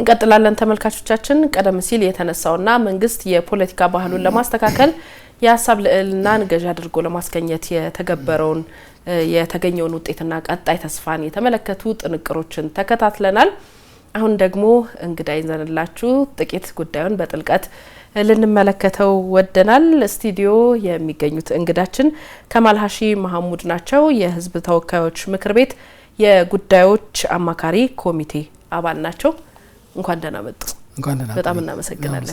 እንቀጥላለን ተመልካቾቻችን። ቀደም ሲል የተነሳውና መንግስት የፖለቲካ ባህሉን ለማስተካከል የሀሳብ ልዕልናን ገዢ አድርጎ ለማስገኘት የተገበረውን የተገኘውን ውጤትና ቀጣይ ተስፋን የተመለከቱ ጥንቅሮችን ተከታትለናል። አሁን ደግሞ እንግዳ ይዘንላችሁ ጥቂት ጉዳዩን በጥልቀት ልንመለከተው ወደናል። ስቱዲዮ የሚገኙት እንግዳችን ከማል ሀሺ መሀሙድ ናቸው። የህዝብ ተወካዮች ምክር ቤት የጉዳዮች አማካሪ ኮሚቴ አባል ናቸው። እንኳን ደህና መጡ። በጣም እናመሰግናለን።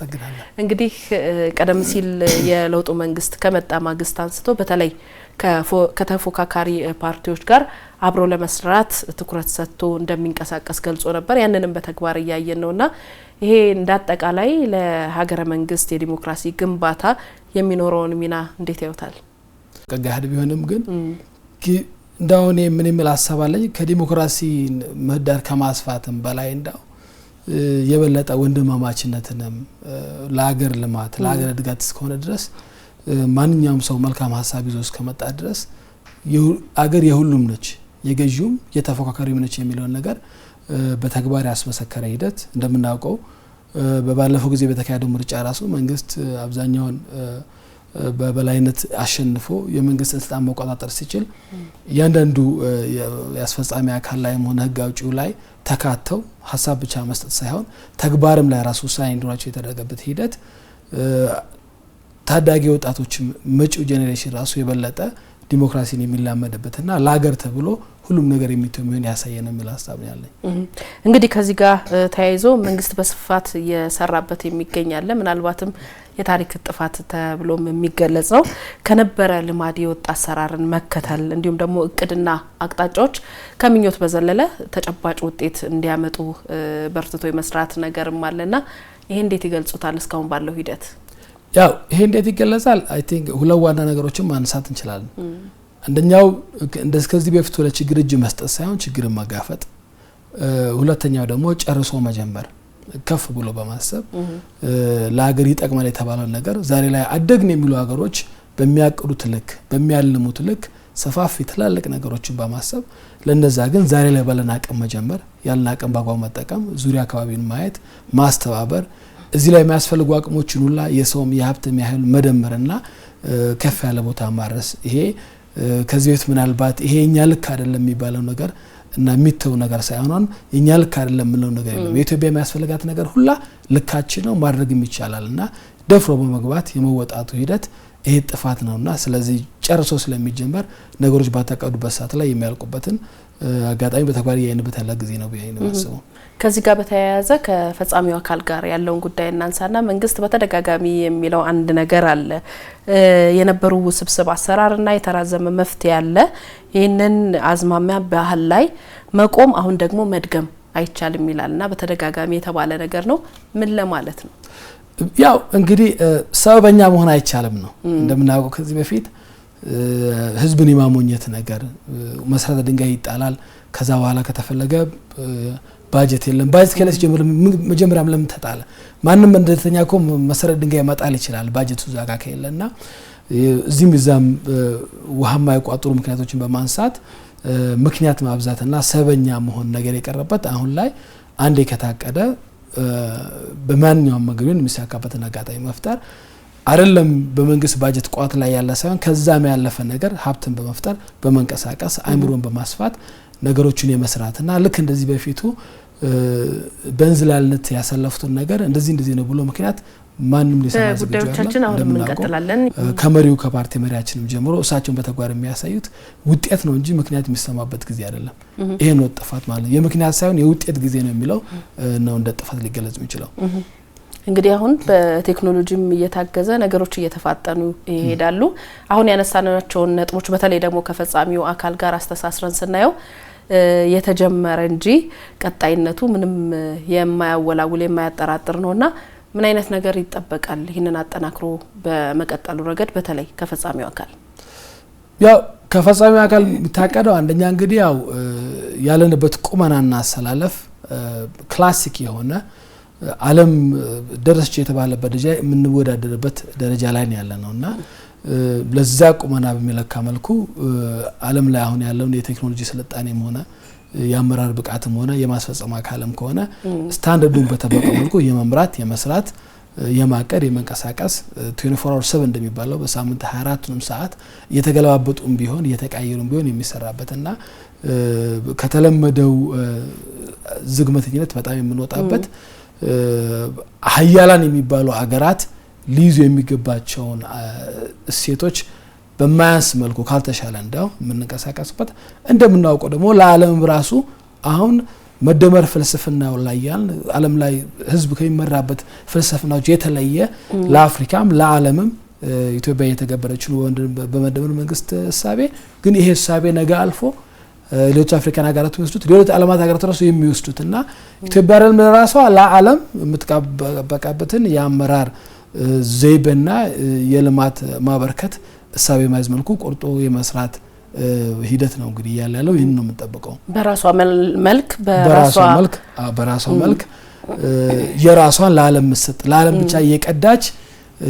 እንግዲህ ቀደም ሲል የለውጡ መንግስት ከመጣ ማግስት አንስቶ በተለይ ከተፎካካሪ ፓርቲዎች ጋር አብሮ ለመስራት ትኩረት ሰጥቶ እንደሚንቀሳቀስ ገልጾ ነበር። ያንንም በተግባር እያየን ነው ነውና ይሄ እንዳጠቃላይ ለሀገረ መንግስት የዲሞክራሲ ግንባታ የሚኖረውን ሚና እንዴት ያዩታል? ቀጋህድ ቢሆንም ግን እንዳሁን ምን የሚል ሀሳብ አለኝ ከዲሞክራሲ ምህዳር ከማስፋትም በላይ እንዳው የበለጠ ወንድማማችነትንም ለሀገር ልማት ለሀገር እድጋት እስከሆነ ድረስ ማንኛውም ሰው መልካም ሀሳብ ይዞ እስከመጣ ድረስ አገር የሁሉም ነች የገዢውም የተፎካካሪም ነች የሚለውን ነገር በተግባር ያስመሰከረ ሂደት እንደምናውቀው በባለፈው ጊዜ በተካሄደው ምርጫ ራሱ መንግስት አብዛኛውን በበላይነት አሸንፎ የመንግስት ስልጣን መቆጣጠር ሲችል እያንዳንዱ የአስፈጻሚ አካል ላይም ሆነ ህግ አውጪው ላይ ተካተው ሀሳብ ብቻ መስጠት ሳይሆን ተግባርም ላይ ራሱ ውሳኔ እንዲሆናቸው የተደረገበት ሂደት ታዳጊ ወጣቶችም መጪው ጄኔሬሽን ራሱ የበለጠ ዲሞክራሲን የሚላመድበትና ለሀገር ተብሎ ሁሉም ነገር የሚተው የሚሆን ያሳየ የሚል ሀሳብ ነው ያለኝ። እንግዲህ ከዚህ ጋር ተያይዞ መንግስት በስፋት እየሰራበት የሚገኛለ ምናልባትም የታሪክ ጥፋት ተብሎም የሚገለጽ ነው። ከነበረ ልማድ የወጣ አሰራርን መከተል እንዲሁም ደግሞ እቅድና አቅጣጫዎች ከምኞት በዘለለ ተጨባጭ ውጤት እንዲያመጡ በርትቶ የመስራት ነገርም አለና ይሄ እንዴት ይገልጹታል እስካሁን ባለው ሂደት? ያው ይሄ እንዴት ይገለጻል? አይ ቲንክ ሁለት ዋና ነገሮችን ማንሳት እንችላለን። አንደኛው ከዚህ በፊት ወደ ችግር እጅ መስጠት ሳይሆን ችግርን መጋፈጥ፣ ሁለተኛው ደግሞ ጨርሶ መጀመር ከፍ ብሎ በማሰብ ለሀገር ይጠቅማል የተባለውን ነገር ዛሬ ላይ አደግን የሚሉ ሀገሮች በሚያቅዱት ልክ በሚያልሙት ልክ ሰፋፊ ትላልቅ ነገሮችን በማሰብ ለነዛ ግን ዛሬ ላይ ባለን አቅም መጀመር፣ ያለን አቅም በአግባቡ መጠቀም፣ ዙሪያ አካባቢን ማየት፣ ማስተባበር እዚህ ላይ የሚያስፈልጉ አቅሞችን ሁላ የሰውም የሀብትም ያህል መደመርና ከፍ ያለ ቦታ ማድረስ ይሄ ከዚህ ቤት ምናልባት ይሄ እኛ ልክ አይደለም የሚባለው ነገር እና የሚተው ነገር ሳይሆን እኛ ልክ አይደለም የምንለው ነገር የለም። የኢትዮጵያ የሚያስፈልጋት ነገር ሁላ ልካችን ነው ማድረግ ይቻላል እና ደፍሮ በመግባት የመወጣቱ ሂደት ይህ ጥፋት ነውና፣ ስለዚህ ጨርሶ ስለሚጀመር ነገሮች ባታቀዱበት ሰዓት ላይ የሚያልቁበትን አጋጣሚ በተግባር እያይንበት ያለ ጊዜ ነው ብያ ነው ከዚህ ጋር በተያያዘ ከፈጻሚው አካል ጋር ያለውን ጉዳይ እናንሳና መንግስት በተደጋጋሚ የሚለው አንድ ነገር አለ። የነበሩ ውስብስብ አሰራርና የተራዘመ መፍትሄ ያለ ይህንን አዝማሚያ ባህል ላይ መቆም አሁን ደግሞ መድገም አይቻልም ይላል እና በተደጋጋሚ የተባለ ነገር ነው። ምን ለማለት ነው? ያው እንግዲህ ሰበበኛ መሆን አይቻልም ነው። እንደምናውቀው ከዚህ በፊት ህዝብን የማሞኘት ነገር መሰረተ ድንጋይ ይጣላል። ከዛ በኋላ ከተፈለገ ባጀት የለም። ባጀት ከሌለ ሲጀምር መጀመሪያም ለምን ተጣለ? ማንም እንደተኛ ኮ መሰረተ ድንጋይ መጣል ይችላል። ባጀቱ ዛጋ ከሌለ እና እዚህም እዛም ውሃ የማይቋጥሩ ምክንያቶችን በማንሳት ምክንያት ማብዛትና ሰበኛ መሆን ነገር የቀረበት አሁን ላይ አንዴ ከታቀደ በማንኛውም መግቢን የሚሳካበትን አጋጣሚ መፍጠር አይደለም በመንግስት ባጀት ቋት ላይ ያለ ሳይሆን ከዛም ያለፈ ነገር ሀብትን በመፍጠር በመንቀሳቀስ አይምሮን በማስፋት ነገሮችን የመስራትና ልክ እንደዚህ በፊቱ በእንዝላልነት ያሰለፉትን ነገር እንደዚህ እንደዚህ ነው ብሎ ምክንያት ማንም ሊሰማ ጉዳዮቻችን እንቀጥላለን። ከመሪው ከፓርቲ መሪያችንም ጀምሮ እሳቸውን በተግባር የሚያሳዩት ውጤት ነው እንጂ ምክንያት የሚሰማበት ጊዜ አይደለም። ይሄ ነው ጥፋት ማለት ነው። የምክንያት ሳይሆን የውጤት ጊዜ ነው የሚለው ነው እንደ ጥፋት ሊገለጽ የሚችለው። እንግዲህ አሁን በቴክኖሎጂም እየታገዘ ነገሮች እየተፋጠኑ ይሄዳሉ። አሁን ያነሳናቸውን ነጥቦች በተለይ ደግሞ ከፈጻሚው አካል ጋር አስተሳስረን ስናየው የተጀመረ እንጂ ቀጣይነቱ ምንም የማያወላውል የማያጠራጥር ነውና ምን አይነት ነገር ይጠበቃል? ይህንን አጠናክሮ በመቀጠሉ ረገድ በተለይ ከፈጻሚው አካል ያው ከፈጻሚው አካል የሚታቀደው አንደኛ እንግዲህ ያው ያለንበት ቁመናና አሰላለፍ ክላሲክ የሆነ ዓለም ደረሰች የተባለበት ደረጃ የምንወዳደርበት ደረጃ ላይ ነው ያለ ነው እና ለዛ ቁመና በሚለካ መልኩ ዓለም ላይ አሁን ያለውን የቴክኖሎጂ ስልጣኔም ሆነ የአመራር ብቃትም ሆነ የማስፈጸም አካልም ከሆነ ስታንደርዱን በጠበቀ መልኩ የመምራት የመስራት የማቀድ የመንቀሳቀስ ትዌንቲፎር አወር ሰቨን እንደሚባለው በሳምንት 24ቱንም ሰዓት እየተገለባበጡም ቢሆን እየተቃየሩም ቢሆን የሚሰራበትና ከተለመደው ዝግመተኝነት በጣም የምንወጣበት ሀያላን የሚባሉ አገራት ሊይዙ የሚገባቸውን እሴቶች በማያንስ መልኩ ካልተሻለ እንዲያው የምንንቀሳቀስበት እንደምናውቀው ደግሞ ለዓለም ራሱ አሁን መደመር ፍልስፍና ላይ ያል ዓለም ላይ ህዝብ ከሚመራበት ፍልስፍናዎች የተለየ ለአፍሪካም ለዓለምም ኢትዮጵያ እየተገበረችን ወንድ በመደመር መንግስት እሳቤ ግን ይሄ እሳቤ ነገ አልፎ ሌሎች አፍሪካን ሀገራት የሚወስዱት ሌሎች ዓለማት ሀገራት ራሱ የሚወስዱት እና ኢትዮጵያ ረል ራሷ ለዓለም የምትጠበቃበትን የአመራር ዘይቤና የልማት ማበርከት እሳቤ ማይዝ መልኩ ቆርጦ የመስራት ሂደት ነው እንግዲህ እያለ ያለው ይህን ነው የምንጠብቀው። በራሷ መልክ በራሷ መልክ በራሷ የራሷን ለዓለም ምስጥ ለዓለም ብቻ እየቀዳች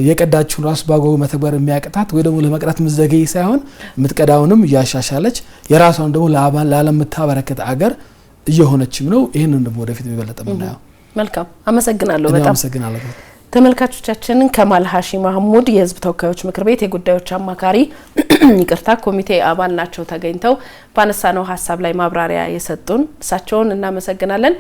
የቀዳችሁን ራሱ በአግባቡ መተግበር የሚያቅታት ወይ ደግሞ ለመቅዳት ምዘገይ ሳይሆን የምትቀዳውንም እያሻሻለች የራሷን ደግሞ ለዓለም የምታበረከት አገር እየሆነችም ነው። ይህንን ደግሞ ወደፊት የሚበለጠ ምናየው። መልካም አመሰግናለሁ። በጣም አመሰግናለሁ። ተመልካቾቻችንን ከማል ሀሺ ማህሙድ የህዝብ ተወካዮች ምክር ቤት የጉዳዮች አማካሪ ይቅርታ ኮሚቴ አባል ናቸው ተገኝተው ባነሳነው ሀሳብ ላይ ማብራሪያ የሰጡን እሳቸውን እናመሰግናለን።